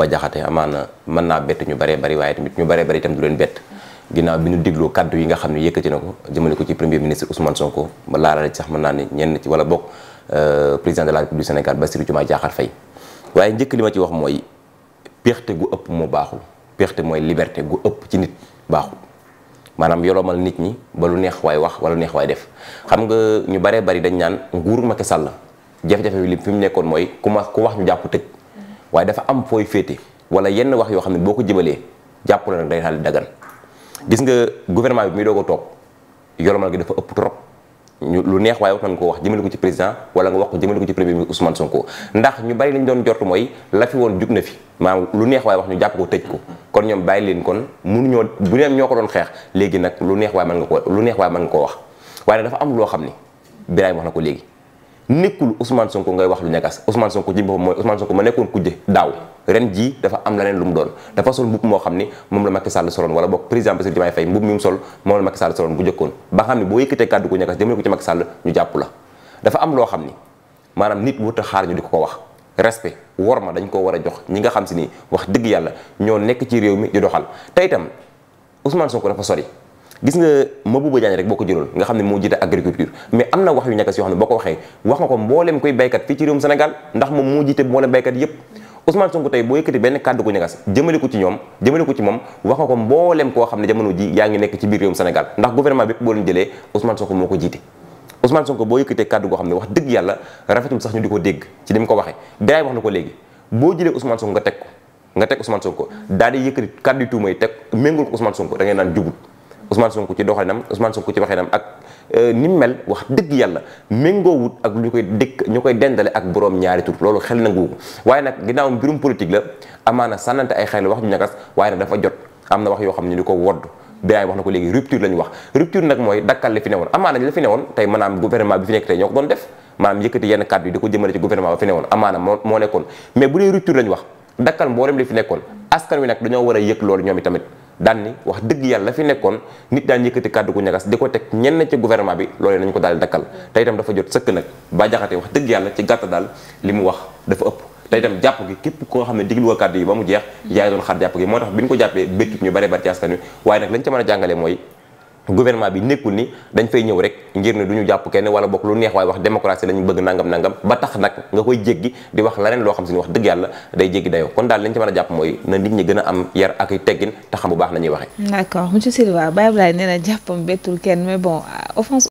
Kumba Jaxate amaana mën naa bett ñu baree bari waaye tamit ñu baree bari itam du leen bett ginnaaw ñu dégloo kaddu yi nga xam ne yëkkati na ko jëmale ko ci premier ministre Ousmane Sonko ba laarale ci sax mën naa ne ñenn ci wala bokk euh, président de la République du Sénégal Bassirou Diomaye Diakhar waaye njëkk li ma ci wax mooy péexte gu ëpp moo baaxul péexte mooy liberté gu ëpp ci nit baaxul maanaam yolomal nit ñi ba lu neex waay wax wala lu neex waay def xam nga ñu baree bari dañ naan nguur Macky Sall jafe-jafe bi li fi mu nekkoon mooy ku ma ku wax ñu jàpp tëj waaye dafa am fooy féete wala yenn wax yoo xam ne boo ko jëmalee jàpp la nag day daal di gis nga gouvernement bi muy doog a toog yolomal gi dafa ëpp trop ñu lu neex waaye wax nañ ko wax jëmale ko ci président wala nga wax jëmale ko ci premier ministre Ousmane Sonko ndax ñu bari lañ doon jort mooy la woon jug na fi maanaam lu neex waaye wax ñu jàpp ko tëj ko kon ñoom bàyyi leen kon mënuñoo bu neem ñoo ko doon xeex léegi nag lu neex waaye mën nga ko lu neex waaye koo wax waaye dafa am loo xam ni Birahim wax na ko léegi nekkul Ousmane Sonko ngay wax lu ñagas Ousmane Sonko ji boppam mooy Ousmane Sonko ma nekkoon kujje daaw ren jii dafa am leneen lu mu doon dafa sol mbubb moo xam ni moom la Macky Sall soloon wala boog président Bassirou Diomaye Faye mbubb mi mu bu jëkkoon ba xam ne boo yëkkatee kàddu ko ñagas jëmale ko ci Macky Sall ñu jàpp la dafa am loo xam ni maanaam nit wut a xaar ñu di ko ko wax respect wor ma dañ ko war a jox ñi nga xam si ni wax dëgg yàlla ñoo nekk ci réew mi di doxal te itam Ousmane Sonko dafa sori gis nga Mabouba Diagne rek boo ko jëloon nga xam ne moo jiite agriculture mais am na wax yu ñakkas yoo xam ne boo ko waxee wax nga ko mbooleem koy baykat fii ci réewum Sénégal ndax moom moo jiite mbooleem baykat yépp Ousmane Sonko tey boo yëkkati benn kàddu gu ñagas jëmale ko ci ko ci moom koo xam ne jamono ji yaa ngi nekk ci biir réewum Sénégal ndax gouvernement bépp boo leen jëlee Ousmane Sonko moo ko jiite Ousmane Sonko boo yëkkatee kàddu goo xam ne wax dëgg yàlla rafetul sax ñu di ko dégg ci ni mu ko waxee Biraay wax na ko léegi boo jëlee Ousmane Sonko nga teg ko nga teg Ousmane Sonko daa di yëkkati kàddu tuuma yi teg méngul ko Ousmane Sonko da Ousmane Sonko ci doxalinam Ousmane Sonko ci waxinam ak euh, ni mu mel wax dëgg yàlla méngoowut ak ñu koy dëkk ñu koy dendale ak borom ñaari tur loolu xel nangu nag la amaana sànnante ay xel wax ju ñagas waaye nag dafa jot am na wax yoo xam ne di ko wodd biaay wax na ko léegi rupture la ñu wax rupture nag mooy dakkal li fi newoon amaana li fi newoon tey maanaam gouvernement bi fi nekk tey ñoo ko doon def maanaam yëkkati yenn kàddu yi di ko jëmale ci gouvernement ba fi newoon amaana moo moo nekkoon mais bu dee rupture la ñu wax dakkal mboolem li fi nekkoon askan wi nag dañoo war a loolu ñoom i daan ni wax dëgg yàlla fi nekkoon nit daan yëkkati kàddu gu ñagas di ko teg ñenn ci gouvernement bi loolee nañ ko daal di dakkal te itam dafa jot sëkk nag ba jaxate wax dëgg yàlla ci gàtt daal li mu wax dafa ëpp te itam jàpp gi képp koo xam ne diglu nga kàddu yi ba mu jeex yaay doon xaar jàpp gi moo tax bi ñu ko jàppee békkib ñu bare bari ci waaye nag lañ ca mën a jàngale mooy gouvernement bi nekkul ni dañ fay ñëw rek ngir ne du jàpp kenn wala bokk lu neex waaye wax démocratie lañu bëgg nangam nangam ba tax nag nga koy jéggi di wax leneen loo xam si ni wax dëgg yàlla day jéggi dayoo kon daal lañ ci mën a jàpp mooy na nit ñi gën a am yar ak teggin te xam bu baax nañuy waxee. d'accord monsieur Silva Baye jàppam bettul kenn mais bon